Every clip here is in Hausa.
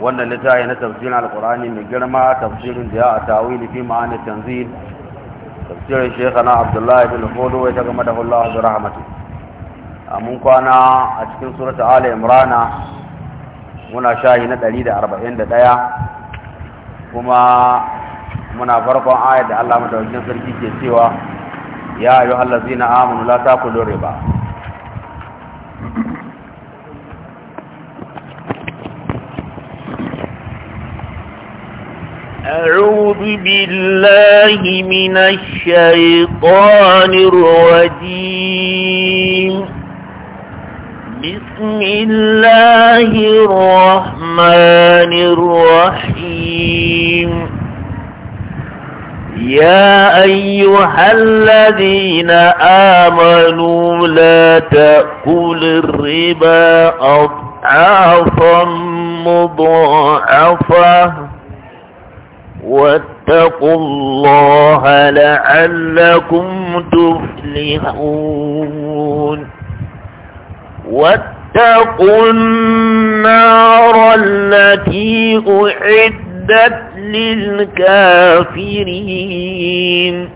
wannan littafi na tafsirin alkurani mai girma tafsirin da ya a tawili fi ma'anin tanzil tafsirin shekana abdullahi bin hudu ta gama da hullahu da rahmatu a mun kwana a cikin surata ala imrana muna shahi na 141 kuma muna farkon ayat da allah madaukakin sarki ke cewa ya ayyuhallazina amanu la taqulu ba. أعوذ بالله من الشيطان الرجيم بسم الله الرحمن الرحيم يا أيها الذين آمنوا لا تأكلوا الربا أضعافا مضاعفة واتقوا الله لعلكم تفلحون واتقوا النار التي أعدت للكافرين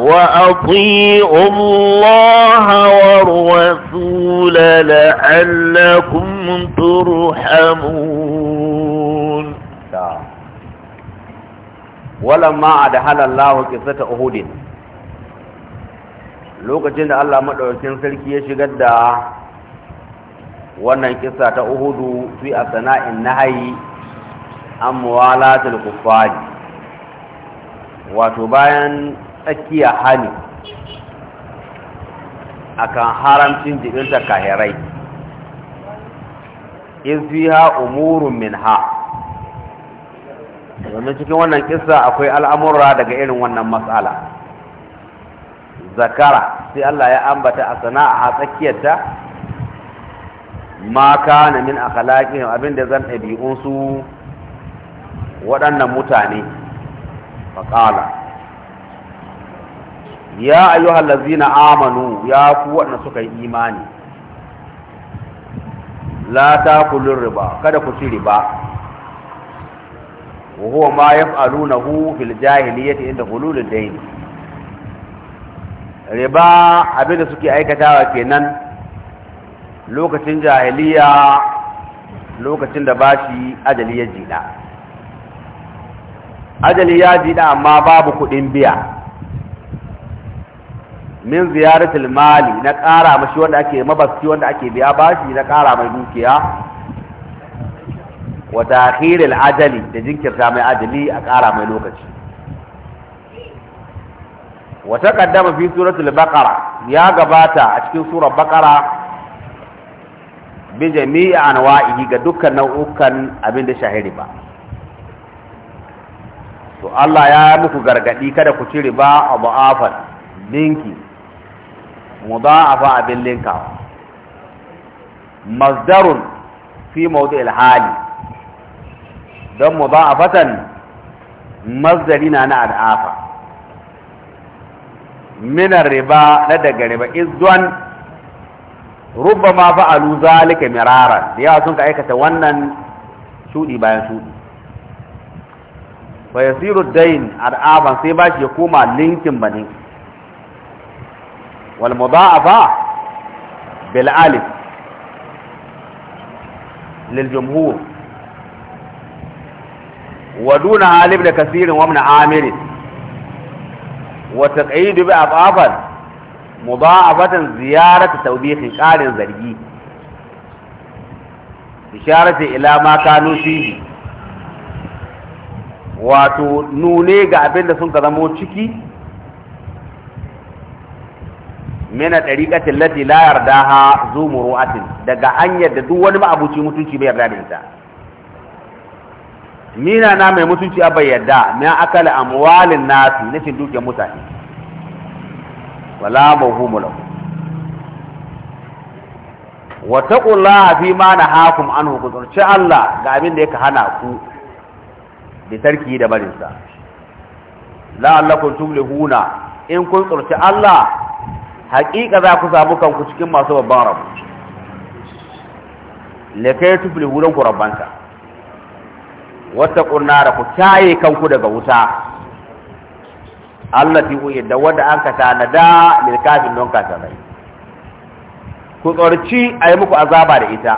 وأطيعوا الله والرسول لعلكم ترحمون walamma adhala Allah ta Uhud lokacin da Allah madaukakin sarki ya shigar da wannan kisa ta Uhud fi asana'in nahyi an muwalatul kuffari wato bayan tsakiya hali akan haramcin jibinta kahirai in fiha umurun minha domin cikin wannan kisa akwai al'amurra daga irin wannan matsala zakara sai Allah ya ambata a sana'a a tsakiyarta ma kana min akhlaqihim abinda zan ɗabi'un su waɗannan mutane faqala ya ayyuhal ladzina amanu ya ku waɗanda suka yi imani la ta riba kada ku ci riba wa huwa ma yaf'alunahu fil jahiliyyati inda hululud dayn riba abinda suke aikatawa kenan lokacin jahiliya lokacin da bashi ajali ya jida ajali ya jida amma babu kudin biya min ziyaratul mali na ƙara mashi wanda ake mabaski wanda ake biya bashi na ƙara mai dukiya wa ta'khiril ajali da jinkirta mai ajali a ƙara mai lokaci wa taqaddama fi suratul baƙara ya gabata a cikin surar baƙara bi jami'i anwa'ihi ga dukkan nau'ukan abin da shahiri ba to Allah ya muku gargadi kada ku ci riba a mu'afan linki mudha'afa abin linka masdarun fi al hali don mu ba a fatan mazdari na na al'afa minar riba na daga riba izuwan rubba ma fa'alu zalika miraran da yawa sun ka aikata wannan shudi bayan shudi bai siru dain al'afan sai ba shi ya koma linkin ba ne wal mudha'afa bil alif lil jumhur ودون عالم ابن كثير وابن عامر وتقعيد بأضعاف مضاعفة زيارة توبيخ قال زرقي إشارة إلى ما كانوا فيه wato nune ga abin da sun ka zamo ciki mena ɗariƙatin lati la yarda ha atin, daga hanyar da duk wani ma'abuci mutunci bai yarda da ita ni na na mai mutunci a bai na akala amwalin nasu na cin duke mutane wala mawhumu lahu wa taqullaha fi ma nahakum anhu kuzurci Allah ga abin da yake hana ku da tarki da barin sa allakum tuflihuna in kun tsurci Allah haƙiƙa za ku samu kanku cikin masu babban rabu lakai tuflihuna ku rabbanta wata da ku kyaye kanku daga wuta Allah fi uyi da wanda an ka tanada lil kafin don kafirai ku tsorci a yi muku azaba da ita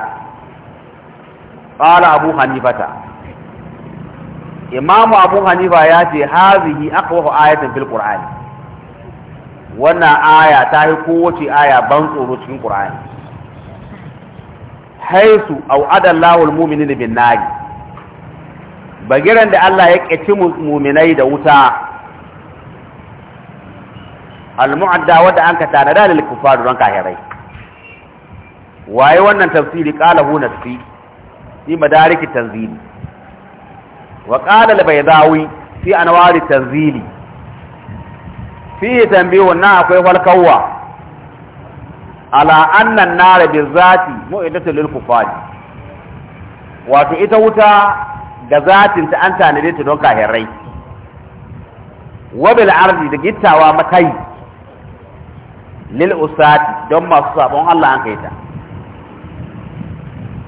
qala abu hannifata imamu abu hanifa ya ce hazihi aqwahu ayatan fil qur'ani wannan aya ta yi kowace aya ban tsoro cikin qur'ani haisu au adallahu al da bin nari bagiran da Allah ya ƙaci muminai da wuta al-mu'adda wadda an ka tanada lil kufar don kahirai waye wannan tafsiri qala hu nafsi fi madarik tanzili wa qala al-baydawi fi anwar tanzili fi tanbihu na akwai falkawa ala anna an-nar bi zati mu'iddatu lil kufar wato ita wuta da zatin ta an tanade ta don kahirai wabil arzi da gittawa makai lil usati don masu sabon Allah an kai ta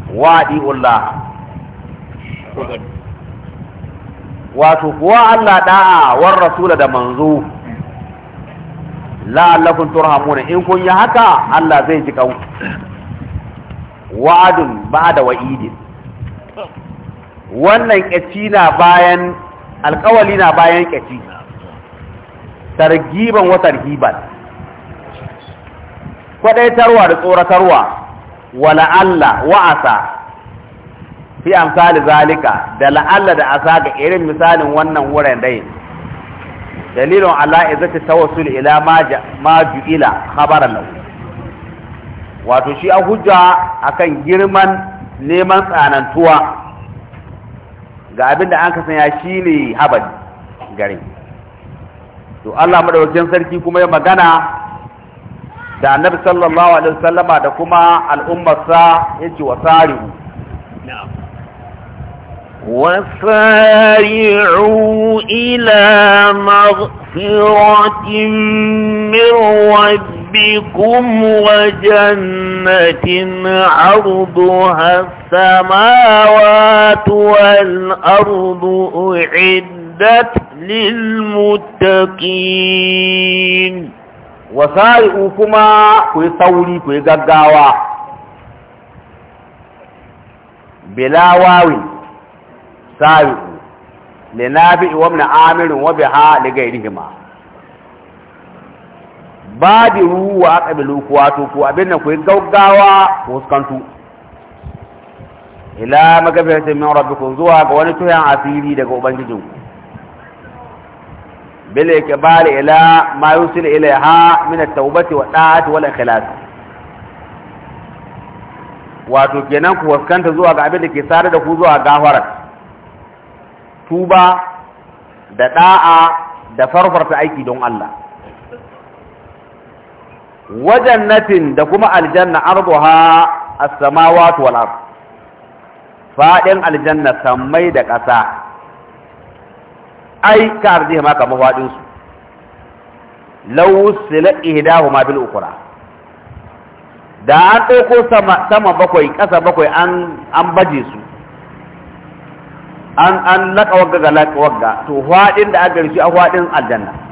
Waɗi Allah wato kuwa Allah da'a war rasula da manzo la'allakum turhamuna in kun yi haka Allah zai ji Wa'adin wa'adun ba'da wa'idin wannan ƙyaci na bayan alƙawali na bayan ƙyaci targiban wa tarhiban kwadaitarwa da tsoratarwa wa la'alla wa'asa fi amsali zalika da la'alla da asa ga irin misalin wannan wurin dai dalilun ala ta tawassul ila ma ju'ila khabaran lahu wato shi a hujja akan girman neman tsanantuwa ga abin da an ka sanya shi ne habari gare to Allah madaukakin sarki kuma ya magana da annabi sallallahu alaihi wasallama da kuma al'ummarsa yace wasari'u na'am وسارعوا إلى مغفرة من ربكم بكم وجنة عرضها السماوات والأرض أعدت للمتقين وسائقوا كما كوي ثوري كوي غغاوا بلا واو سائقوا لنابئ وابن عامر وبها لغيرهما babiru wa aqbilu ku wato ku abin da ku yi gaggawa ku fuskantu. ila magafiratin min rabbikum zuwa ga wani tuyan asiri daga ubangijin ku bil ikbal ila ma yusil ilaiha min at-taubati wa da'ati wal ikhlas wato kenan ku fuskanta zuwa ga abin da ke sare da ku zuwa gafara tuba da da'a da farfarta aiki don Allah wajannatin da kuma aljanna arduha as-samawati wal ard faɗin aljanna sammai da ƙasa ai ka ardihi ma kamar fadin su law sila bil ukra da an ɗauko sama sama bakwai ƙasa bakwai an an baje su an an laka wagga ga laka wagga to fadin da aka rishi a fadin aljanna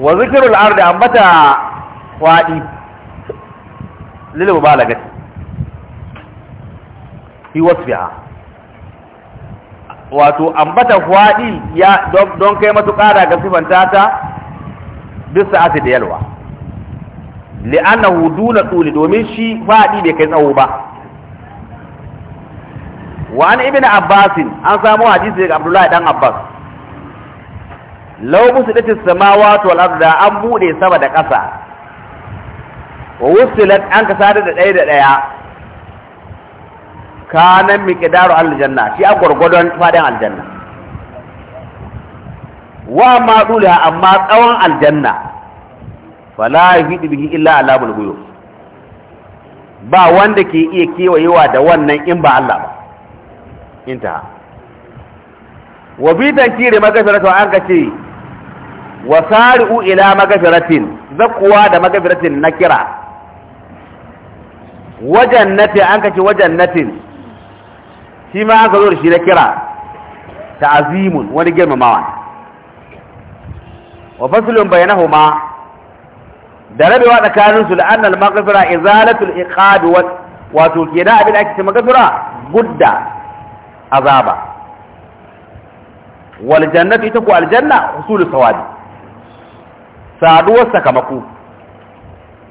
wa zikirul ardi ambata wadi lil mubalagati hi wasfiha wato ambata wadi ya don kai matuka da ga sifanta ta bisa ati da yalwa li'annahu duna tuli domin shi fadi bai kai tsawo ba wa an ibnu abbasin an samu hadisi daga abdullahi dan abbas law busidatis samawati wal ardu an bude sama da ƙasa wa wusilat an ka sadar da ɗaya da ɗaya kana miqdaru aljanna shi a gurgudon fadin aljanna wa ma dulha amma tsawon aljanna fala yuhidu bihi illa alamul ghuyub ba wanda ke iya kewayewa da wannan in ba Allah ba intaha wa bi tankiri magasarata an ka ce wa sari'u ila magafiratin zakuwa da magafiratin na kira wajen natin an kace wajen natin shi ma aka zo da shi na kira ta'azimun wani girmamawa wa faslun ma. da rabewa tsakanin su la'anna al-maghfira izalatu al-iqad wa wato da abin ake ce maghfira gudda azaba wal jannatu ita ko aljanna husulus sawabi saduwar sakamako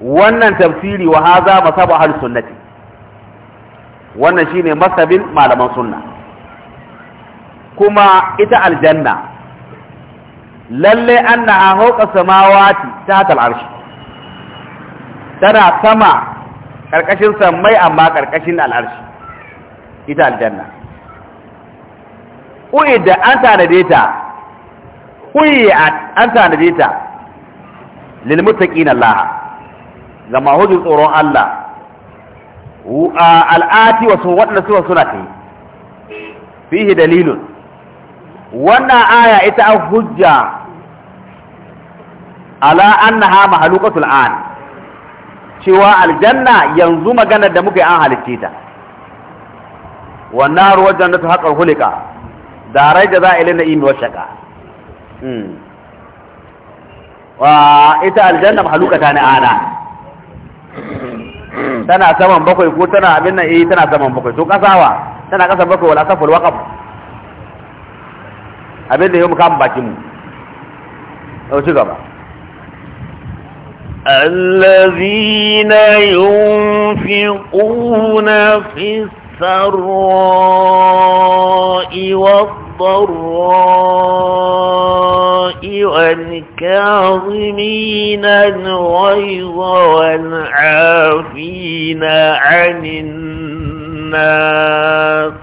wannan tafsiri wa haza masabu ahli sunnati wannan shine masabin malaman sunna kuma ita aljanna lalle annaha hawqa samawati tahta al'arsh tana sama karkashin sammai amma karkashin al'arshi ita aljanna uida an tanade ta uiat an tanade ta lil na Laha, ga mahujin tsoron Allah al'ati wasu waɗanda suka suna ta yi fihi dalilun wannan aya ita an hujja ala annaha mahalukatul an cewa aljanna yanzu magana da muka yi an halicce ta wannan ruwan jannatu haƙar hulika da rai da za a ilina imi wa shaka ita aljanna mahalukata ne ana tana saman bakwai ko tana abin nan eh tana saman bakwai to kasawa tana kasa bakwai wala kafur waqaf abin da yau muka bakin mu to ci gaba الذين ينفقون في السراء والضراء والكاظمين الغيظ والعافين عن الناس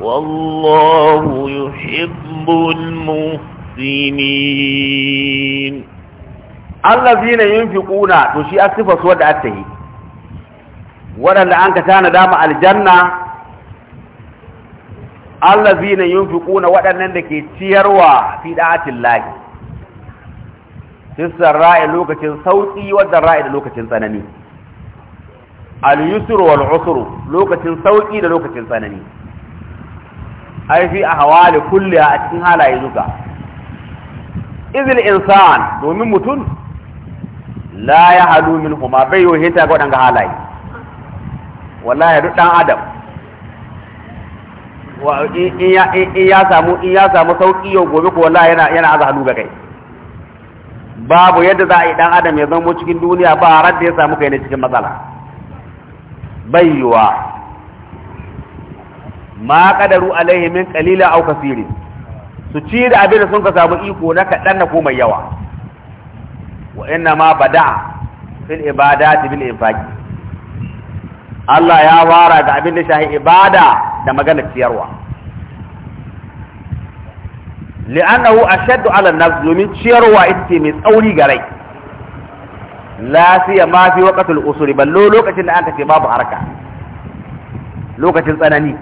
والله يحب المحسنين الذين ينفقون to shi asifa su waɗanda an ka tana dama aljanna allazina yunfiquna waɗannan da ke ciyarwa fi da'atin lahi fisar ra'i lokacin sauƙi wadda ra'i da lokacin tsanani al-yusru wal usru lokacin sauƙi da lokacin tsanani ai fi ahwali kulli a cikin halaye duka izil insan domin mutum la ya halu min kuma bai yohita ga waɗanga halaye wallahi duk dan adam in ya samu in ya samu sauki yau gobe ko wallahi yana yana aza ga kai babu yadda za a yi dan adam ya zama cikin duniya ba ran da ya samu kai ne cikin matsala bayyuwa ma qadaru alaihi min qalila aw kasiri su ci da abin da sun ka samu iko na kaɗan na ko mai yawa wa inna ma bada fil ibadati bil infaqi Allah ya wara da abin da shahi ibada da maganar ciyarwa li'annahu ashaddu ala nafs domin ciyarwa ita mai tsauri ga rai lafiya ma fi waqatul usri ballo lokacin da aka ce babu harka lokacin tsanani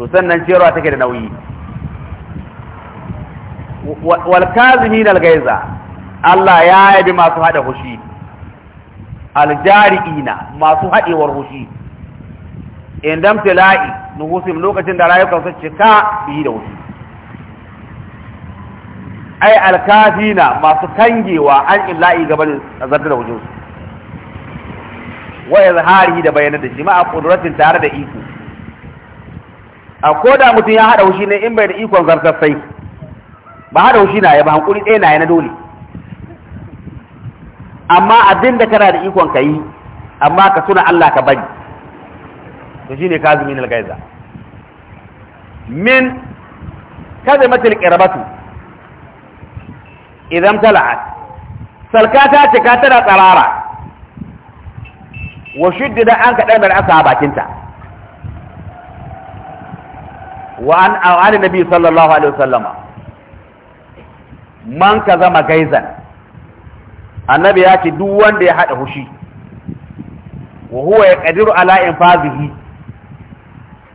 to sannan ciyarwa take da nauyi wal kazimin al gaiza Allah ya yabi masu hada hushi aljari'ina masu haɗewar hushi indam tila'i nuhusim lokacin da rayukan su cika bi da hushi ai alkafina masu kangewa an illa'i gaban zarta da hushinsu wa izhari da bayanan da shi ma a kudratin tare da iko a koda mutum ya hada wushi ne in bai da ikon zartar sai ba hada wushi na ya ba hankuri ɗaya na na dole amma abin da kana da ikon ka yi amma ka tuna Allah ka bari to shine kazimin al-gaiza min kazimatil qirbatu idan tala'at salka ta ce ka tana tsarara wa shiddida an kaɗan da asa a bakinta wa an an nabi sallallahu alaihi wasallama man ka zama gaizan annabi ya ce duk wanda ya haɗa hushi wa huwa ya qadiru ala infazihi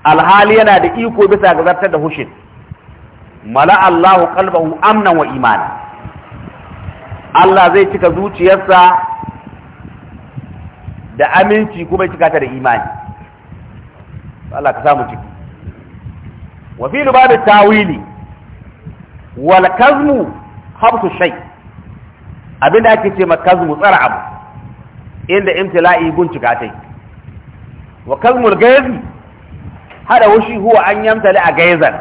alhali yana da iko bisa ga zartar da hushin mala Allahu qalbahu amnan wa imani. Allah zai cika zuciyarsa da aminci kuma cika ta da imani Allah ka samu ciki wa fi babu tawili wal kazmu habsu shay' abin da ake ce kazmu tsara abu inda imtila'i bincika tai wa kazmul gaizi hada hushi huwa an yamtali a gaizan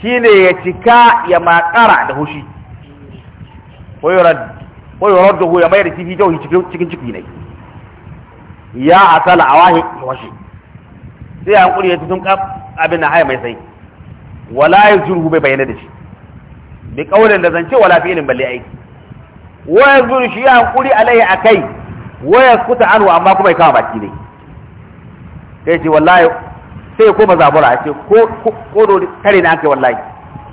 shine ya cika ya matsara da hushi ko yuraddu ya mayar cikin jauhi cikin ciki ne ya asala a wahi washi sai an kuri ya tutun kaf abin na haya mai sai wala yajruhu bai bayyana da shi bi kaulin da zance wala fi'lin balle aiki waya zuru shi ya hankuri alai a kai waya kuta anu amma kuma ya kama baki ne sai ce wallahi sai ya koma zabura ya ce ko ko kare na ake wallahi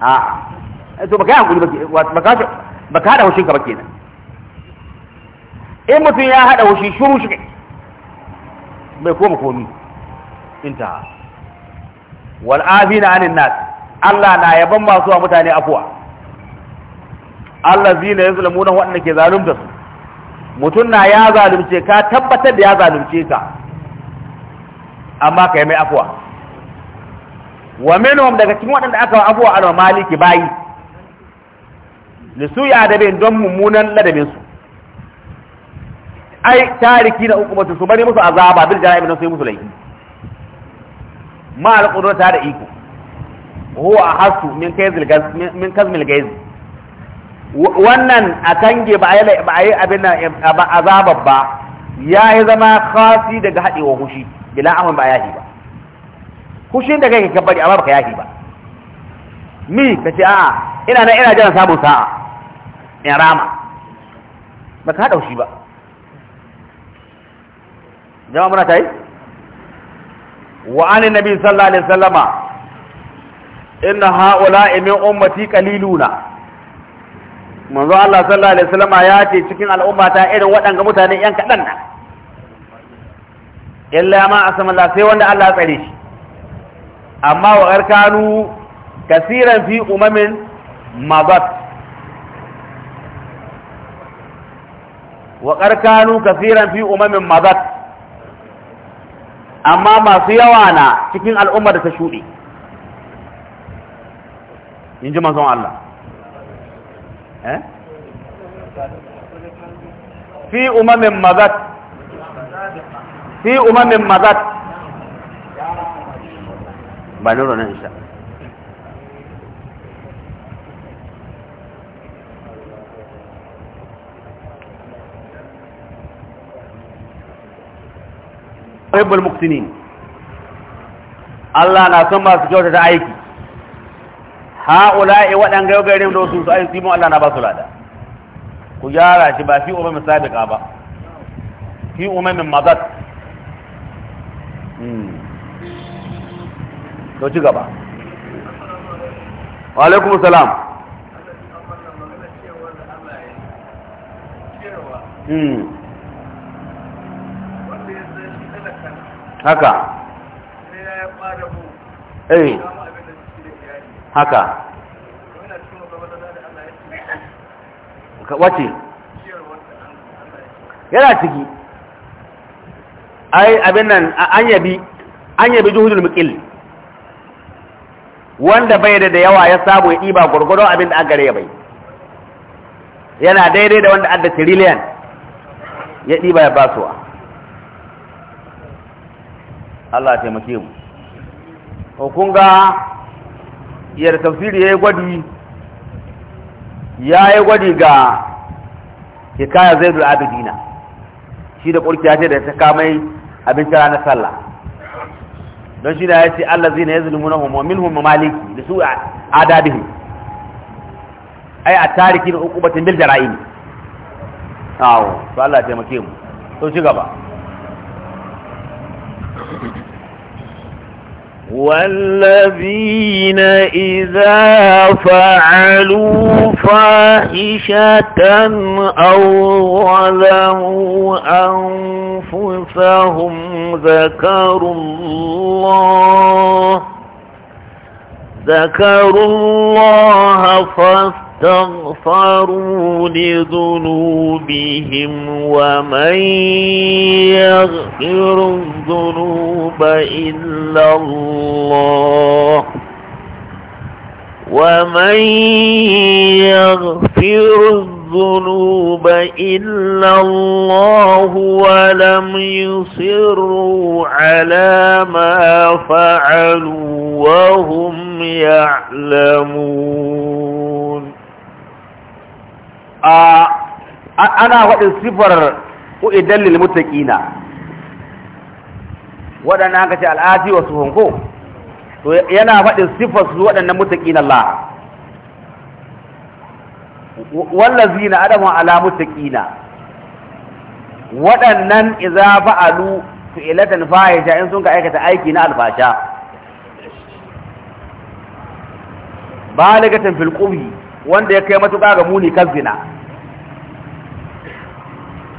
a to baka hankuri baka baka hada hushin ka baki ne in mutum ya hada hushi shuru shi bai koma komi inta wal afina anin nas Allah na yaban masu wa mutane afuwa Allah ya allazina yazlamuna waɗanda ke zalunta su mutum na ya zalunce ka tabbatar da ya zalunce ka amma ka yi mai afuwa. wa minhum daga cikin waɗanda aka wa a al maliki bayi lisu ya adabin don mummunan ladabin su ai tariki na hukumatu su bari musu azaba bil jana'i min sai musu laifi ma al-qudrata da iko huwa ahasu min kazmil gaiz wannan a kange ba a yi abin nan azabar ba ya yi zama khasi daga haɗewa hushi bila amin ba yahi ba hushin da kai ka bari amma baka yahi ba mi ka ce a'a ina nan ina jiran samun sa'a in rama baka haɗa hushi ba jama'a muna ta yi Wa'ani anin nabi sallallahu alaihi wasallama inna ha'ula'i min ummati qaliluna manzo Allah sallallahu alaihi wasallam ya ce cikin al'umma ta irin waɗanga mutane yan kaɗan na illa ma asama Allah sai wanda Allah ya tsare shi amma wa arkanu kasiran fi umamin mabat wa arkanu kasiran fi umamin mabat amma masu yawa na cikin al'umma da ta shuɗe in ji manzon Allah Eh? fi umamin mazat fi umamin mazat ba lura nan insha Ayyubul Muqtinin Allah na son masu kyauta da aiki ha'ula'i waɗanga yau garin da su su ayi simon Allah na ba su lada ku gyara shi ba fi umamin sabiqa ba fi min mazat hmm. to ci gaba wa alaikum salam hmm. haka eh haka wace yana ciki ai abin nan an yabi an yabi juhudul muqil wanda bai da da yawa ya sabo ya ɗiba gurgurdo abin da aka gare ya bai yana daidai da wanda adda trillion ya ɗiba ya basuwa Allah ya taimake mu kun ga yar tafsiri yayi gwadi yayi gwadi ga hikaya zaidul abidina shi da kurkiya ce da ta kamai abin tara na sallah don shi da ya ce allazina yazlumunahum wa minhum maliki da su adabihi ai a tarikin hukumatin bil jara'im awo to Allah ya taimake mu to ci gaba والذين إذا فعلوا فاحشة أو ظلموا أنفسهم ذكروا الله ذكروا الله فاستغفروا يستغفروا لذنوبهم ومن يغفر الذنوب إلا الله ومن يغفر الذنوب إلا الله ولم يصروا على ما فعلوا وهم يعلمون ana waɗin sifar u'idan lil mutaqina waɗannan kace al'ati wa suhun to yana faɗin sifar su waɗannan mutaqina Allah wallazina adamu ala mutaqina waɗannan idza fa'alu ilatan fahisha in sun ka aikata aiki na alfasha balagatan fil qubhi wanda ya kai matuƙa ga muni kan zina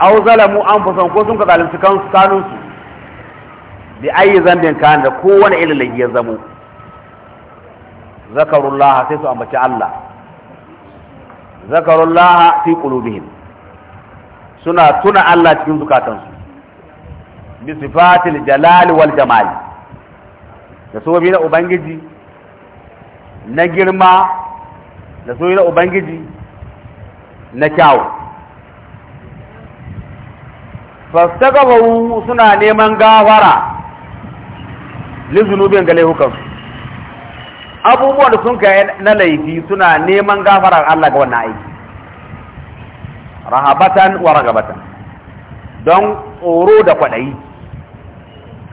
aw zalamu anfusahum ko sun ka zalunci sanun su bi ayi zambin kan da kowane irin lagiya ya zamo zakarullah sai su ambaci Allah zakarullah fi qulubihim suna tuna Allah cikin zukatansu bi sifatil jalal wal jamal da sobi na ubangiji na girma da yi na ubangiji na kyawu fastagabaru suna neman gawara. lizunubin ga laifukansu abubuwan da sun kai na laifi suna neman gafarar Allah ga wannan aiki rahabatan wa ragabatan don tsoro da kwaɗayi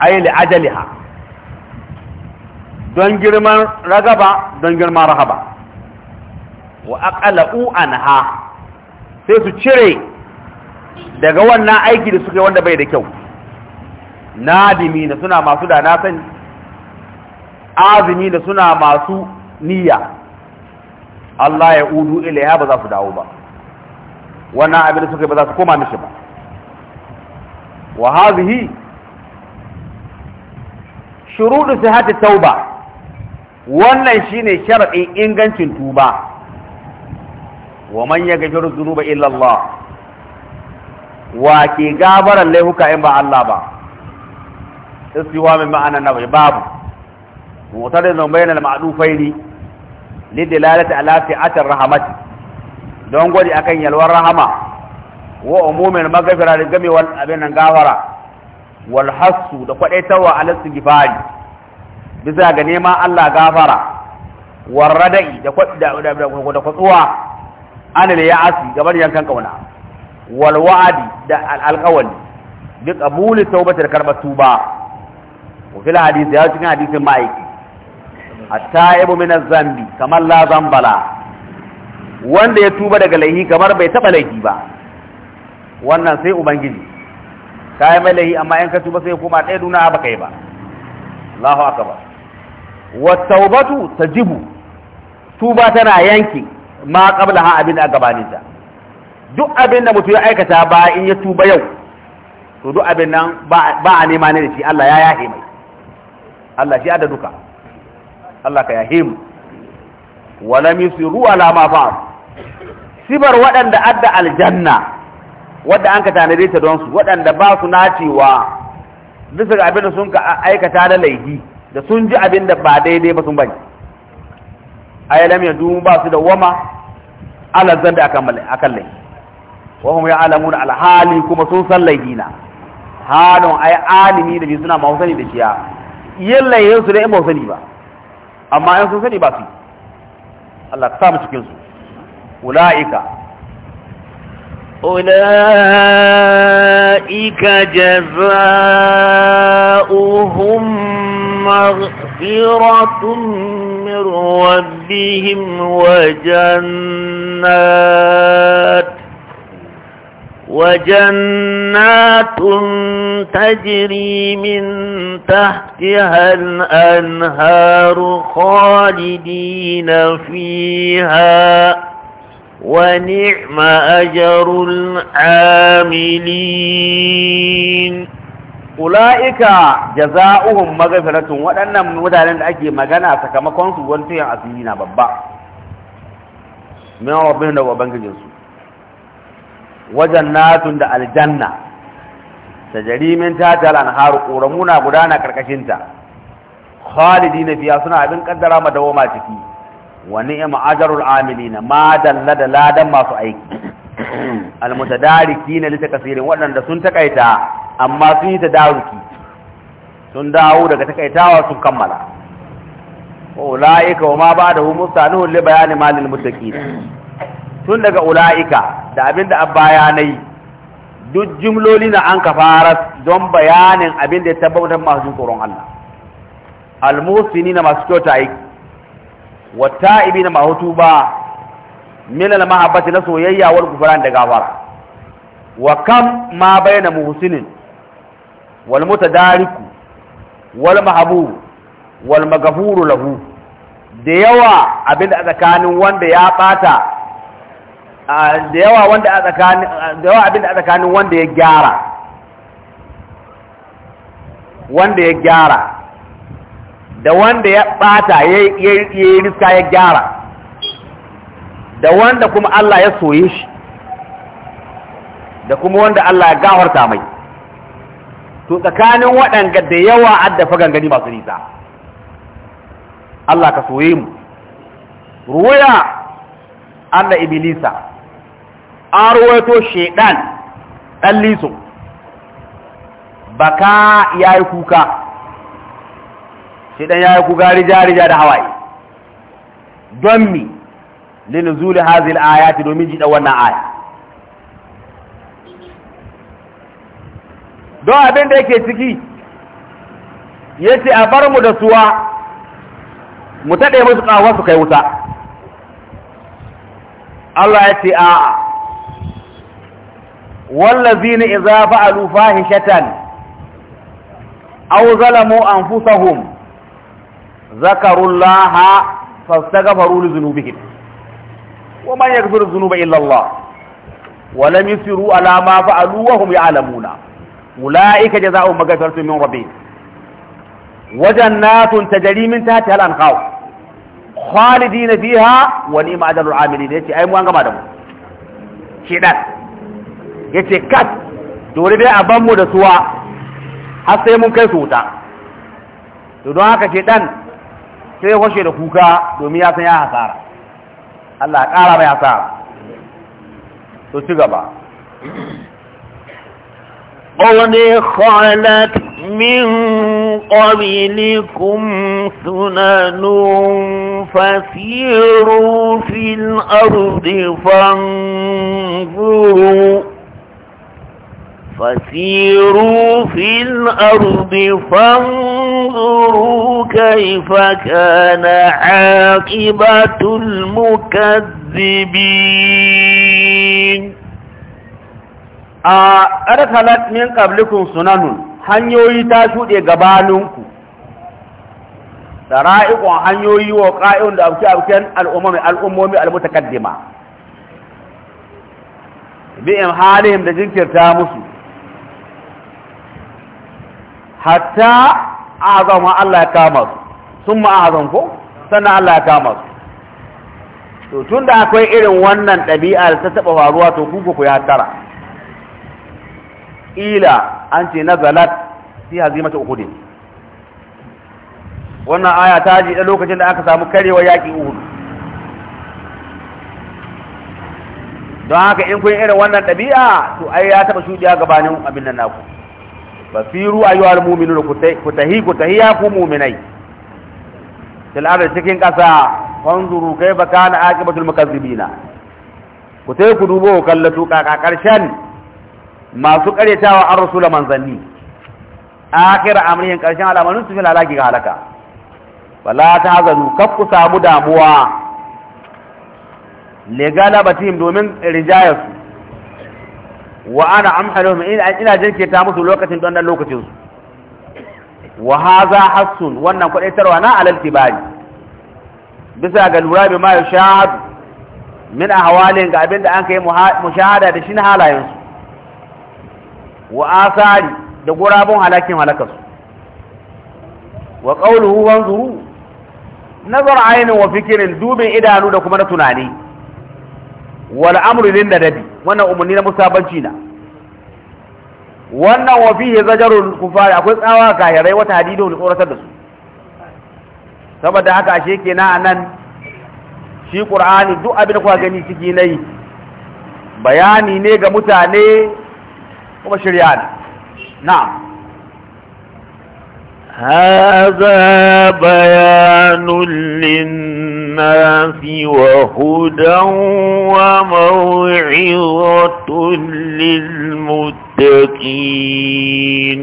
ayyali ajaliha don girman ragaba don girman rahaba wa aqalu anha sai su cire daga wannan aiki da suka yi wanda bai da kyau nadimi na suna masu da na sani azumi da suna masu niyya Allah ya udu ilaiha ba za su dawo ba wannan abin da suka yi ba za su koma mishi ba wa hazihi shuruɗu sihati tauba wannan shine sharadin ingancin tuba wa man yaghfiru dhunuba illa wa ke gabaran laifuka in ba Allah ba istiwa min ma'ana nabi babu mutadin bayna al da lidilalati ala fi'atir rahmati don gwadi akan yalwar rahama wa umumin maghfira da game wal abin nan gafara wal hasu da kwadaitawa ala istighfari bisa ga neman Allah gafara warradai da kwatsuwa ya asi gaban yankan kauna wal wa'adi da alqawli bi qabuli tawbati da tuba wa fil hadith ya cikin hadisin ma'aiki hatta ibu min az-zambi kamar la zambala wanda ya tuba daga laihi kamar bai taba laihi ba wannan sai ubangiji kai mai laihi amma in ka tuba sai kuma ɗaya duna ba kai ba Allahu akbar wa tawbatu tajibu tuba tana yanki ma qabla ha abin da gabanin ta duk abin da mutum ya aikata ba in ya tuba yau to duk abin nan ba a nema ne da shi Allah ya yahe mai Allah shi ada duka Allah ka yahe mu walam yusiru ala ma fa'al sibar waɗanda adda aljanna wadda an ka tanade ta don su waɗanda ba su nacewa bisa ga abin da sun ka aikata da laifi da sun ji abin da ba daidai ba sun bani ayalam lam yadum ba su da wama ala zanda akan mal akan lai wa hum ya'lamun al kuma sun san laihina halon ay alimi da bi suna ma sani da ciya yin laihin su da in ba sani ba amma in sun sani ba su Allah ka sa mu cikin su ulaika أولئك جزاؤهم مغفرة ربهم وجنات وجنات تجري من تحتها الأنهار خالدين فيها ونعم أجر العاملين ula'ika jaza'uhum maghfiratun waɗannan mutanen da ake magana sakamakon su wani tuyan asiri na babba min rabbihim da ubangijin su wajannatun da aljanna tajri min tahtiha al-anhar quramuna gudana karkashin ta khalidina fiya suna abin kaddara madawama ciki wa ni'ma ajrul amilina ma dalla da ladan masu aiki mutadariki na lita kasirin waɗanda sun takaita amma sun yi tadaruki sun dawo daga takaitawa sun kammala ula'ika wa ma ba da hu mustanuhu li bayani malin mutaki tun daga ula'ika da abinda bayanai duk jimloli na an kafara don bayanin abinda ya tabbatar masu jin tsoron Allah al-musini na masu kyauta aiki Wata ibi na mahutu ba من المحبة نسو na soyayya wal وكم da gafara wa kam ma baina له wal mutadariku wal mahbub wal da yawa abinda a tsakanin wanda ya bata da da wanda ya gyara da wanda ya bata ya riska ya gyara da wanda kuma Allah ya soye shi da kuma wanda Allah ya gafarta mai to tsakanin waɗanga da yawa addafa gangani masu nisa Allah ka soye mu ruwaya Allah ibilisa an ruwaito shaidan ɗan liso baka ya yi kuka shaidan ya yi kuka rija-rija da hawaye don mi linzuli hazil ayati domin jiɗa wannan aya don abin da yake ciki ya ce a bar mu da suwa mu taɗe musu ƙawar su kai wuta Allah ya ce a'a wallazina idza fa'alu fahishatan aw zalamu anfusahum zakarullaha fastaghfiru li wa man yaghfiru dhunuba illa alama wa lam yusiru ala ma fa'alu wa hum ya'lamuna ulaika jazaa'u maghfiratun min rabbihim Wajen jannatun tajri jarimin tahtiha al-anhar khalidina fiha wa ni'ma ajrul amilin yace ai mu an gama da mu kidan yace kat dore dai a ban mu da suwa har sai mun kai su wuta to don haka kidan sai ya kwashe da kuka domin ya san ya hasara Allah ƙara mai asara to ci gaba قد خلت من قبلكم سنن فسيروا في الأرض فانظروا فسيروا في الأرض فانظروا كيف كان عاقبة المكذبين أرسلت من قبلكم سنن hanyoyi ta shuɗe gabaninku da ra'iƙon hanyoyi wa ƙa'iun da abuke-abuken al'ummomi al'ummomi al'mutakaddima bi'in halihim da jinkirta musu hatta azama Allah ya kama su sun ma'azan ko sannan Allah ya kama su to tun da akwai irin wannan ɗabi'a da ta taɓa faruwa to kuka ku ya tara ila an ce na zalat fi hazimata uhud wannan aya ta ji da lokacin da aka samu karewa yaƙi uhud don haka in kun irin wannan ɗabi'a to ai ya taɓa shuɗiya gabanin abin nan naku Basiru ayyuhal mu'minuna ku tahi ku ya ku mu'minai fil ardi cikin kasa fanzuru kaifa kana aqibatul mukazzibina ku tahi ku dubo kallatu kaka karshen masu karyatawa an rasula manzanni akhir amriyin karshen alamanin su fil halaki ga halaka wala tahzanu kaf ku samu damuwa le galabatihim domin rijayarsu wa ana amhaluhum ina ta musu lokacin don nan lokacin su wa hadha hasun wannan tarwa na alal tibari bisa ga lura bi ma yashahad min ahwalin ga abinda an kai mushahada da shi na halayen su wa asari da gurabun halakin halakarsu wa qawluhu wanzuru nazar aynin wa fikrin dubin idanu da kuma na tunani wal amru lin da dabi wannan umarni na musabanci na wannan wa fihi zajarul kufari akwai tsawa kahirai wata hadidu ne tsoratar da su saboda haka ashe kenan anan shi qur'ani duk abin kwa gani ciki na yi, bayani ne ga mutane kuma shirya هذا بيان للناس وهدى وموعظة للمتقين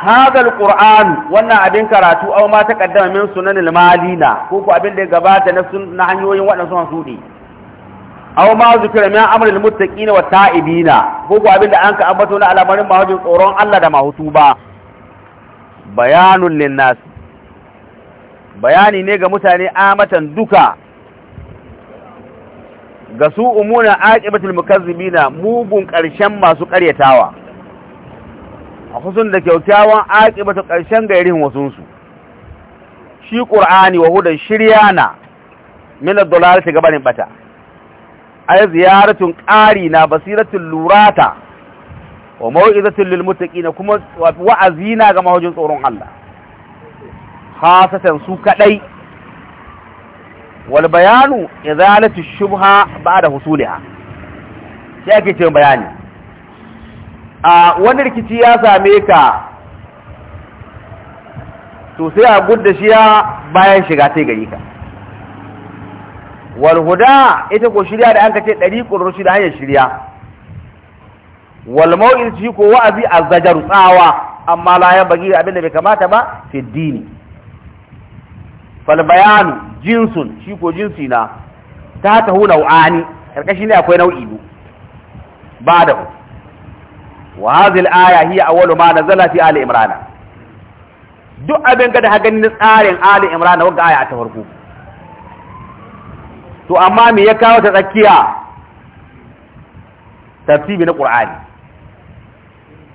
هذا القرآن وانا عبين كراتو او ما تقدم من سنن المالينا كوكو عبين دي قبات نفسنا عنيوين وانا سنة سودي aw ma zikira min amrul muttaqina wa ta'ibina ko ko abinda an ka ambato na alamarin mahujin tsoron Allah da mahutuba bayanun linnas bayani ne ga mutane amatan duka ga su umuna aqibatul mukazzibina mugun karshen masu ƙaryatawa a da kyaukyawan aqibatu ƙarshen gairihin wasunsu shi qur'ani wa hudan shiryana min ad-dalalati gabanin bata ay ziyaratun qari na basiratul lurata wa mau'izatul lil muttaqina kuma wa'azi na ga mahujin tsoron Allah khasatan su kadai wal bayanu izalati shubha ba'da husuliha sai ake cewa bayani a wani rikici ya same ka to sai a gudda shi bayan shiga sai gari ka wal huda ita ko shirya da an ka ce dariqur rushd hanyar shirya wal mau'iz shi ko wa'azi azzajaru tsawa amma la ya bagi abin da bai kamata ba fi dini fal bayanu jinsun shi ko jinsi na ta ta hu nau'ani karkashi ne akwai nau'i biyu ba da wa hadhihi al-aya hiya awwalu ma nazala fi ali imran duk abin ga da ha ganin tsarin ali imran wanda aya ta farko to amma me ya kawo ta tsakiya tartibi na qur'ani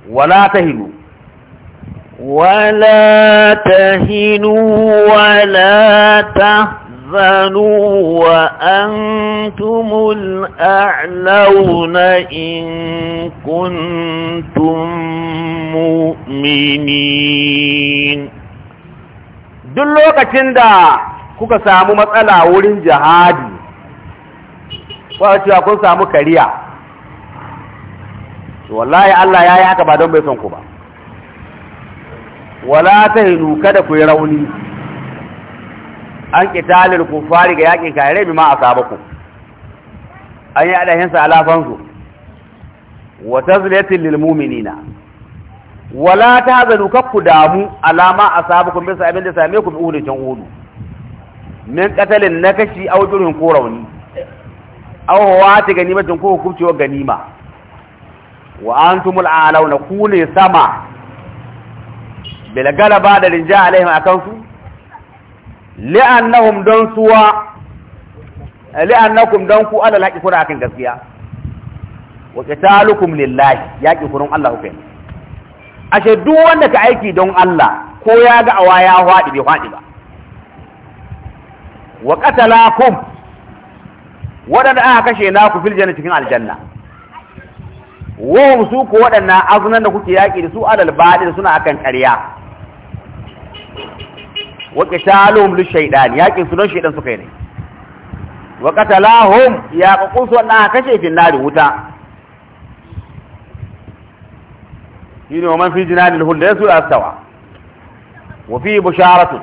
wala hinu ولا تهنوا ولا تحزنوا وأنتم الأعلون إن كنتم مؤمنين duk lokacin da kuka samu matsala wurin jihadi ko cewa kun samu kariya to wallahi Allah yi haka ba don bai son ku ba wala ta nuka da ku yi rauni an ku fari ga yaƙin kare bi ma ku. an yi adahin sa wata su wa tazliyatil wala ta wala nuka ku damu alama a ku bisa abin da same ku bi uhudin uhudu min qatalin nakashi aw jurhin ko rauni aw wa ta ganimatin ko hukumci wa ganima wa antumul alauna ku ne sama bil galaba da rinja alaihim akan su li'annahum don suwa li'annakum don ku alal haqi kuna akan gaskiya wa qitalukum lillahi yaqi kurun Allah kai ashe duk wanda ka aiki don Allah ko ya ga awa ya hwadi bai hwadi ba wa qatalakum wadanda aka kashe naku fil janna cikin aljanna wahum su ko waɗannan azunan da kuke yaƙi da su alal baɗin suna akan ƙarya wa qitalum li shaytan yaƙin su don shaytan suka yi ne wa qatalahum ya qaqun su wannan kashe fi nari wuta shine wa man fi jinanil hul su astawa wa fi busharatu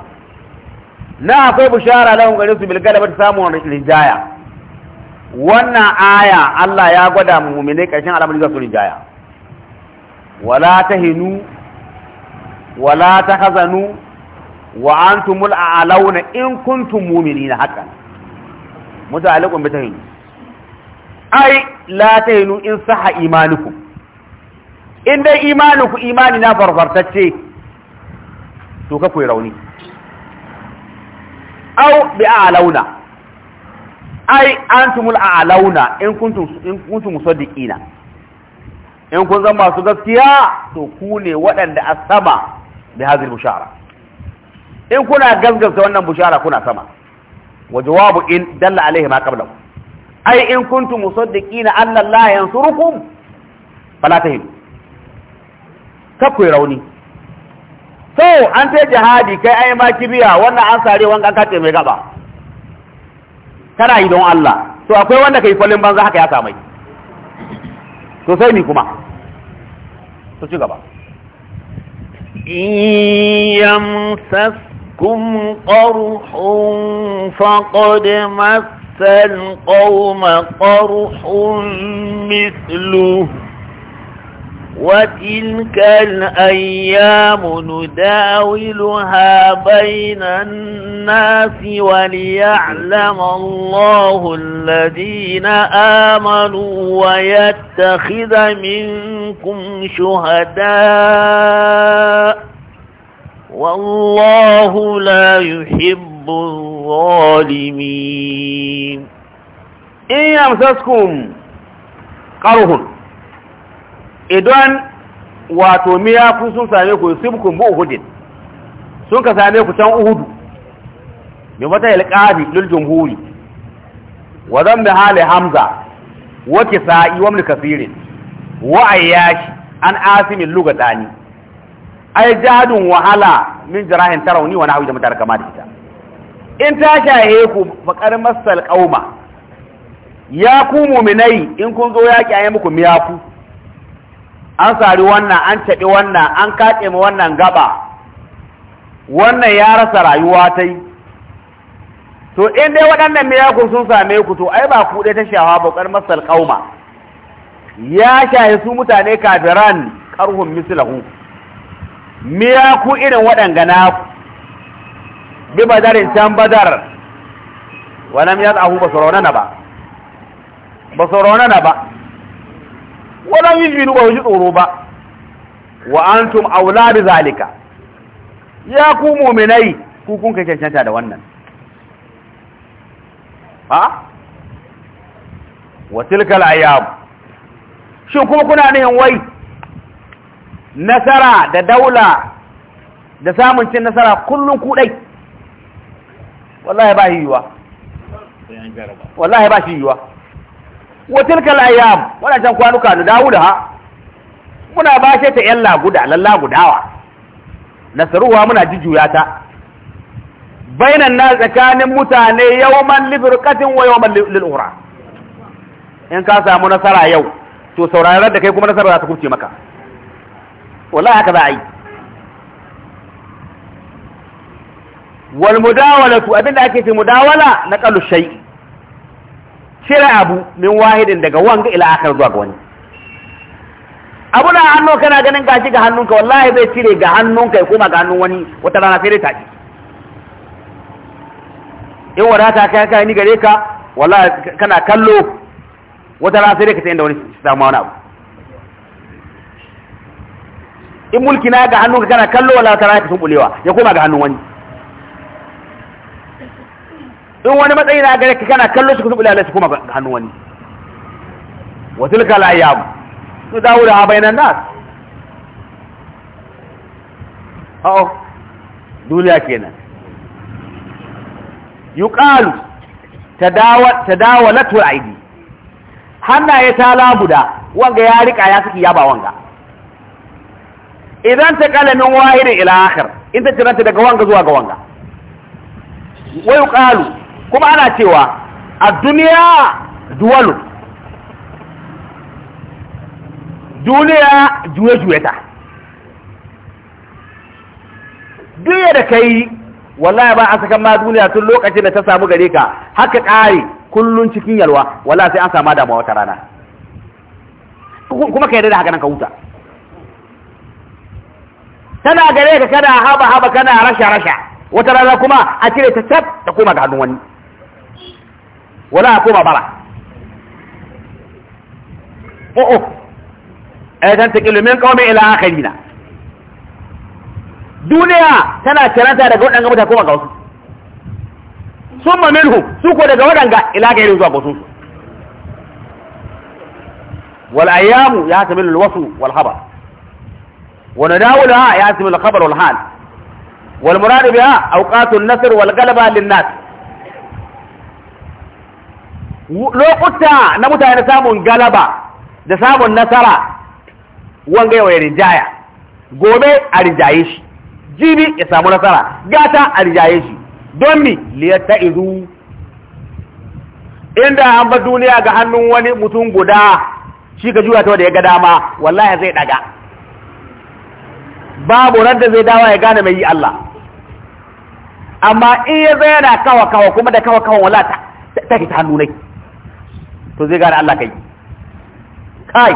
na akwai bushara lahum gare su bil galabati samun rijaya wannan aya Allah ya gwada mu ƙarshen al'amari za su rinjaya wala tahinu wala tahzanu wa antumul a'launa in kuntum mu'minina haqqan muta'alliqun bi tahinu ai la tahinu in saha imanukum in dai imaninku imani na farfartacce to ka koyi rauni au bi a'launa ai antumul a'launa in kuntum in kuntum musaddiqina in kun zama masu gaskiya to ku ne waɗanda a sama bi hadhihi bushara in kuna gaskata wannan bushara kuna sama wa jawabu in dalla alaihi ma qabla ai in kuntum musaddiqina anna Allah yansurukum fala tahin kakwai rauni to an ta jihadi kai ai ma kibiya wannan an sare wanga kace mai gaba kana yi don Allah to akwai wanda kai kwallon banza haka ya samai to sai ni kuma to ci gaba yamsaskum qarhun faqad massa القوم قرح مثله وتلك الأيام نداولها بين الناس وليعلم الله الذين آمنوا ويتخذ منكم شهداء والله لا يحب الظالمين إن يمسسكم قرهم idan wato miyaku sun same ku sibkum bu uhudin sun ka same ku can uhudu bi mata ilqabi lil jumhuri wa bi hali hamza wa kisa'i wa ibn kathir wa ayyashi an asim lugatani ay jadun wahala min jarahin tarawni wa nahwi da mutar kama da ita in ta shahe ku faqar masal qauma ya ku mu'minai in kun zo yaki yi muku miyafu. an sari wannan an taɓi wannan an kaɗe ma wannan gaba wannan ya rasa rayuwa ta yi to in dai waɗannan miyakun sun same ku to ai ba ku dai ta shawa ba ƙar masal ƙauma ya shahi su mutane kafiran ƙarhun mislahu miyaku irin waɗanga ku bi badarin can badar walam ya tsahu ba su ba ba su ba yin jini ba ji tsoro ba wa a aula bi zalika ya ku mu'minai ku kun ka cancanta da wannan ha wa tilkal ayyam shin kuma kuna nihin wai nasara da daula da samun cin nasara kullun ku dai wallahi ba yiwa wallahi ba shi yiwa wa tilkal ayyam wadancan kwanuka da dawuda ha muna bashe ta yan laguda lalla gudawa nasaruwa muna jujjuya ta bainan na tsakanin mutane yawman lifirqatin wa yawman lil ukhra in ka samu nasara yau to saurayar da kai kuma nasara za ta kuce maka wallahi haka za a yi wal mudawalatu abinda ake ce mudawala na qalu shay'i cire abu min wahidin daga wanga ila akhar zuwa ga wani abu na hannu kana ganin gashi ga hannunka wallahi zai cire ga hannunka ya koma ga hannun wani wata rana sai dai taji in wadata kai kai ni gare ka wallahi kana kallo wata rana sai dai ka tsaye da wani samu wani abu in mulki na ga hannunka kana kallo wallahi ta rana ka sun bulewa ya koma ga hannun wani in wani matsayi na gare ka kana kallo shi kusur lalai su kuma hannu wani wasu ya la'ayyamu su dawo da nan nas a'o duniya kenan dawo na tura aidi hannaye ta labuda wanga ya rika ya saki yaba wanga idan ta kalamin wahidin ila akhir in ta tiranta daga wanga zuwa ga wanga wai ƙalu kuma ana cewa a duniya duwalu duniya juye-juye ta duniya da kai wallahi ba a sakan ma duniya tun lokacin da ta samu gare ka haka ƙari kullun cikin yalwa wala sai an sama damuwa wata rana kuma ka yarda da haka nan ka huta tana gare ka kana haba haba kana rasha rasha wata rana kuma a cire ta tab ta koma ga hannun wani wala koma bara o'o ai dan takilu min qaumi ila akhirina duniya tana kiranta daga waɗanga mutane koma ga wasu sun ma minhu su ko daga waɗanga ila gairi zuwa ga su wal ayyamu ya tamilu alwasu wal khabar wa nadawulaha ya tamilu alkhabar wal hal wal murad biha awqatun nasr wal ghalaba lin nas lokuta na mutane samun galaba da samun nasara wanga yawa ya rinjaya gobe a rinjaye shi jibi ya samu nasara gata a rinjaye shi don mi liyata izu inda an ba duniya ga hannun wani mutum guda shi ka juya ta wadda ya ga dama wallahi zai daga babu da zai dawa ya gane mai yi Allah amma in ya zai yana kawa kawa kuma da kawa kawa wala ta ta hannu nai to zai gane Allah kai kai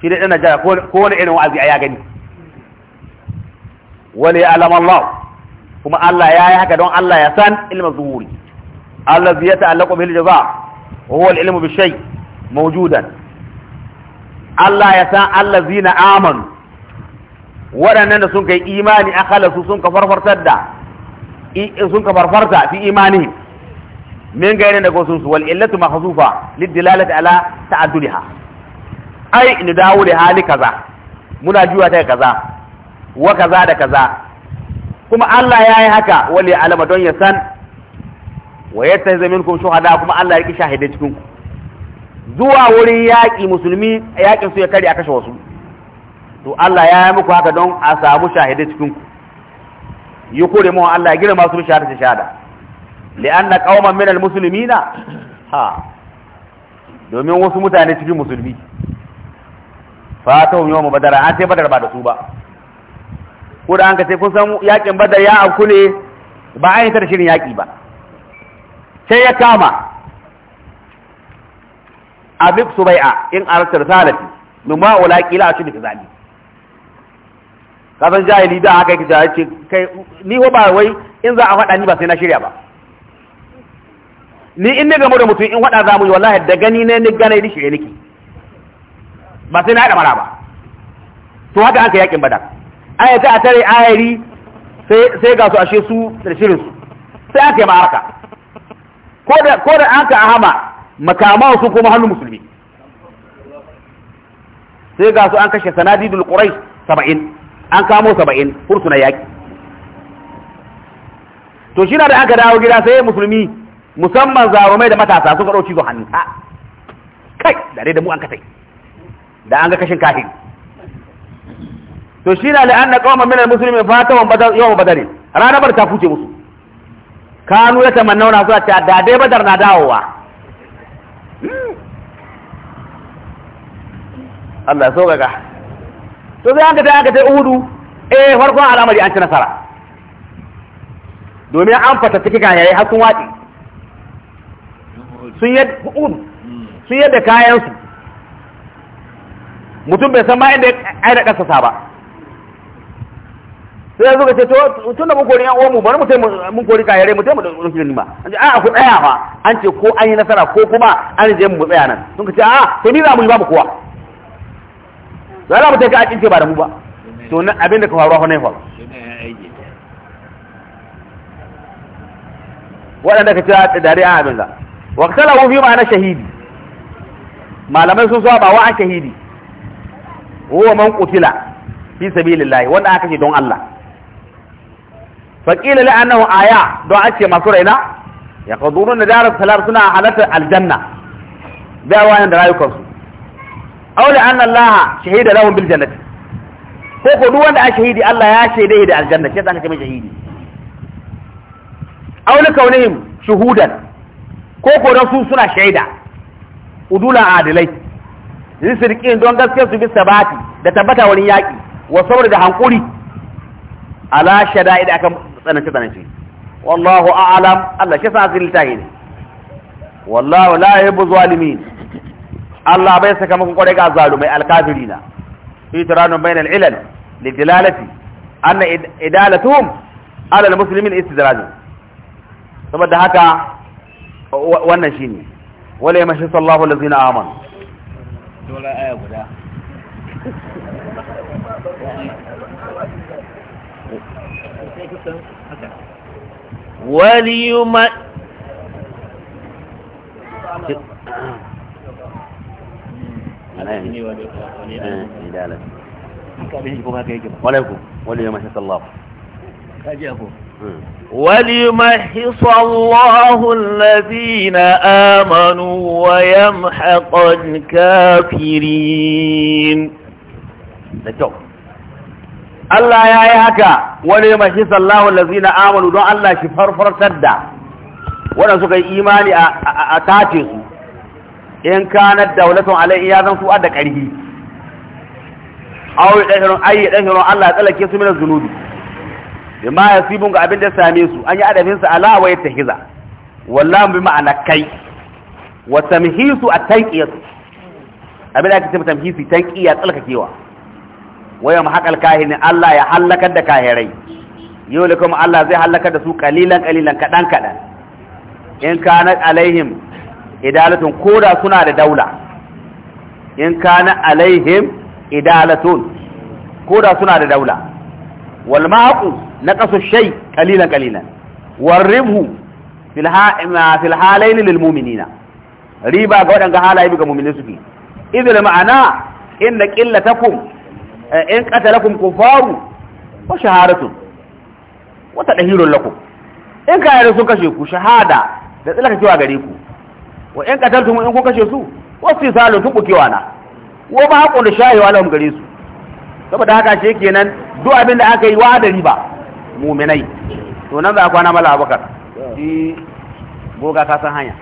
shi da dana jaya ko wani irin wa'azi a ya gani wani alam Allah kuma Allah ya yi haka don Allah ya san ilma zuhuri Allah zai ta'allaqu bil jaza wa huwa al ilmu bi shay mawjudan Allah ya san allazina amanu waɗannan da sun kai imani a khalasu sun ka farfartar da sun ka farfarta fi imanihim min gairin daga wasu wal illatu mahzufa lidilalati ala ta'addudiha ai in dawo da hali kaza muna juwa ta kaza wa kaza da kaza kuma Allah ya yi haka wali alama don ya san wa ya tsaye zamin kuma shuhada kuma Allah ya ki shahidai cikin ku zuwa wurin yaƙi musulmi yaƙin su ya karya a kashe wasu to Allah ya yi muku haka don a samu shahidai cikin ku yi kore mu Allah ya girma su shahada ta shahada li'anna qauman minal muslimina ha domin wasu mutane cikin musulmi fatahum yawm badar an sai badar ba da su ba ko da an ka sai kun san yakin badar ya auku ne ba a yi ta shirin yaki ba sai ya kama abib subai'a in arsa risalati mimma wala kila shi da ka san jahili da haka yake ce kai ni ho ba wai in za a faɗa ni ba sai na shirya ba ni in ne gamo da mutum in waɗa za mu yi wallahi da gani ne ni gane ni shirye niki ba sai na haɗa mara ba to haka an ka yakin bada aya ta a tare ayari sai ga su ashe su da shirin su sai aka yi ma'araka ko da an ka ahama makamawa su kuma hannun musulmi sai ga su an kashe sanadidul quraish saba'in an kamo saba'in hursuna yaki to shi na da aka dawo gida sai musulmi musamman zarumai da matasa suka ɗauki zo hannu kai dai da mu an kasai da an ga kashin kafin to shi na la'anna qauman minal muslimin fatawan badar yawm badar ranar bar ta fuce musu kanu ya tamannauna su ta da dai badar na dawowa Allah so sauƙaƙa to sai an ka ta an ta uhudu eh farkon al'amari an ci nasara domin an fata kan yayi har sun waɗi sun yadda hu'un sun yadda kayansu mutum bai san ma inda ai da kasasa ba sai ya zuga ce to tun da mun kori yan uwanmu bari mu tai mun kori kayare mu tai mu dauki da nima an ce a ku tsaya fa an ce ko an yi nasara ko kuma an je mu tsaya nan sun ce a to ni za mu yi mu kowa za Allah mu tai ka a kince ba da mu ba to nan abin da ka faruwa ko ne waɗanda ka ce a dare a abin za wa kalahu fi ma'ana shahidi malamai sun saba wa an shahidi huwa man qutila fi sabilillah wanda aka ce don Allah fa qila li annahu aya don a ce masu raina ya na darar salar suna halatta aljanna da wayan da rayukansu aw li anna Allah shahida lahum bil jannati ko ko duk wanda a shahidi Allah ya shaide da aljanna sai aka ce mai shahidi aw li kaunihim shuhudan ko ko don su suna shaida udulan adilai zai sirkin don gaske su bi sabati da tabbata wurin yaƙi wa saboda da hankuri ala idan aka tsanace-tsanace. wallahu a'lam Allah shi sa asirin tahi ne wallahu la yuhibbu zalimin Allah bai saka muku kwarai ga zalumai alkafirina fi tiranun bainal ilal lidilalati anna idalatuhum ala almuslimin istidraj saboda haka wannan shine wala yamshi sallahu allazina amanu dole aya guda وليمحص الله الذين آمنوا ويمحق الكافرين لتوب Allah ya yi haka wani mashi sallahu lazina amanu don Allah shi farfartar da waɗanda suka yi imani a tace su in kanar daulatun alai ya zan su da ƙarfi a wuri ɗan Allah ya tsallake su mina zunubi bima yasibun ga abin da same su an yi adabin ala wa yatahiza wallahu bi ma'ana kai wa tamhisu at-tanqiyah abin da ake cewa tamhisi tanqiya tsalkakewa waya mahaqal kahin Allah ya halakar da kahirai yau da kuma Allah zai halakar da su kalilan kalilan kadan kadan in kana alaihim idalatun koda suna da daula in kana alaihim idalatun koda suna da daula wal ma'qu na kasu shai kalilan kalilan warribhu fil halayn lil mu'minina riba ga wadanga halaye ga mu'minin suke idil ma'ana inna qillatakum in qatalakum kufaru wa shaharatun wa tadhirun lakum in ka yare kashe ku shahada da tsilaka cewa gare ku wa in qataltum in kun kashe su wasu salo tubukewa na wa ba haƙon da shayewa lahum gare su saboda haka shi kenan duk abin da aka yi wa da riba muminai to nan za a kwana mala abubakar shi boga ka san hanya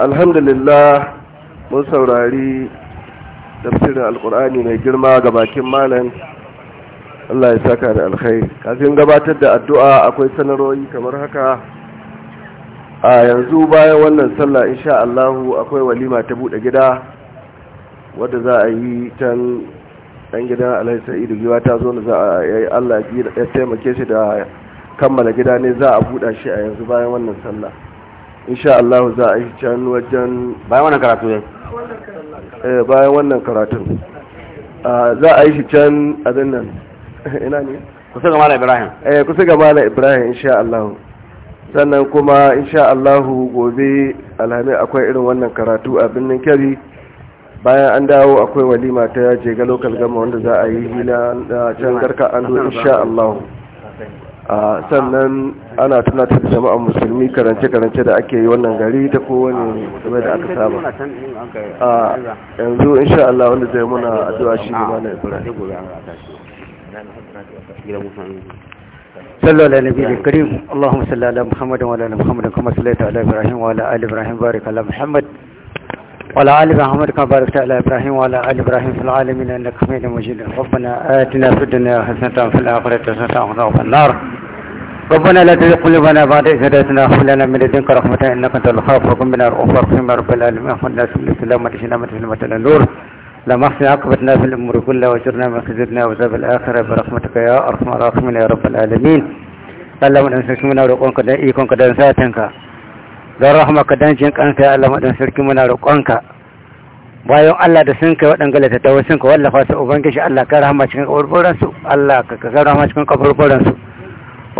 alhamdulillah mun saurari tafsirin alkur'ani mai girma ga bakin malam Allah ya saka da alkhairi kafin gabatar da addu'a akwai sanarori kamar haka a yanzu bayan wannan sallah insha Allah akwai walima ta bude gida wadda za a yi tan dan gidan Alhaji Sa'idu giwa ta zo ne za a yi Allah ya taimake shi da kammala gida ne za a buɗa shi a yanzu bayan wannan sallah insha Allah za a yi can wajen bayan wannan karatu ne eh bayan wannan karatun za a yi shi can a nan ina ne kusa ga mala ibrahim eh kusa ga mala ibrahim insha Allah sannan kuma insha Allah gobe alhamis akwai irin wannan karatu a birnin kari bayan an dawo akwai walima ta je ga local gama wanda za a yi hila na can garka an insha Allah ah, sannan ana tunatar da jama'a musulmi karance-karance da ake yi wannan gari ta kowane game da aka saba ah, yanzu insha Allah wanda zai muna addu'a shi ne na ibrahim صلى على النبي الكريم اللهم صل على محمد وعلى ال محمد كما صليت على ابراهيم وعلى ال ابراهيم بارك على محمد وعلى ال محمد كما باركت على ابراهيم وعلى ال ابراهيم في العالمين انك حميد مجيد ربنا اتنا في الدنيا حسنه وفي الاخره حسنه وقنا النار ربنا لا تزغ قلوبنا بعد إذ هديتنا وهب لنا من لدنك رحمة إنك أنت الوهاب وكن بنا رؤوفا رحيما رب العالمين خلنا سبل السلامة شنامة في المثل النور اللهم احسن عقبتنا في الامور كلها واجرنا من خزي وزاب وعذاب برحمتك يا ارحم الراحمين يا رب العالمين اللهم ان سرك منا roƙonka dan ikonka dan zatinka don rahmaka dan jin يا الله Allah سلكمنا ورقونك bayan Allah da sun kai waɗanga littattafai sun ka wallafa su ubangiji Allah ka rahama cikin kaburburan su Allah ka ka rahama cikin kaburburan su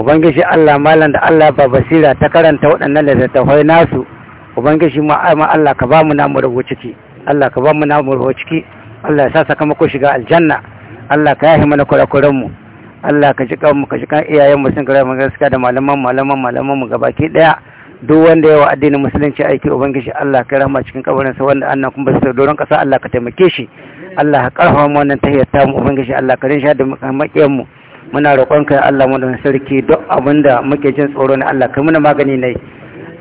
ubangiji Allah malam da Allah ba basira ta karanta waɗannan littattafai nasu ubangiji ma Allah ka ba mu namu rubuce ciki Allah ka ba mu na ruwa ciki Allah ya sa sakamako shiga aljanna Allah ka yahi mana kurakuran mu Allah ka jika mu ka jika iyayen mu sun mu gaskiya da malaman malaman malaman mu gabaki daya duk wanda yawa addinin musulunci aiki ubangiji Allah ka rahama cikin kabarin sa wanda annan kun basu doron kasa Allah ka taimake shi Allah ka karfa mu wannan ta mu ubangiji Allah ka rinsha da makiyan mu muna roƙon ka Allah mu da sarki duk abinda muke jin tsoro ne Allah ka muna magani ne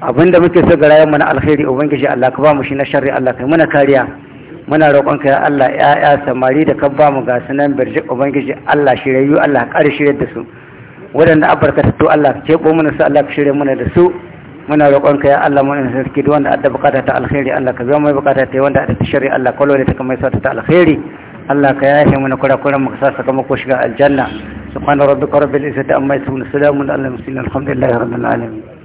abinda muke so ga rayuwar na alkhairi ubangiji Allah ka ba mu shi na sharri Allah kai muna kariya muna roƙon ka ya Allah ya'ya samari da ka ba mu ga sunan birji ubangiji Allah shirayu Allah ƙari shirye da su waɗanda to Allah ka cebo mana su Allah ka shirye mana da su muna roƙon ka ya Allah mun sarki duk wanda adda bukata ta alkhairi Allah ka biya mai bukata ta wanda adda sharri Allah ka lore ta kamar sa ta alkhairi Allah ka mun mana kura mu ka sa sakamako shiga aljanna subhana rabbika rabbil izzati amma yasifun salamun alal mursalin alhamdulillahi rabbil alamin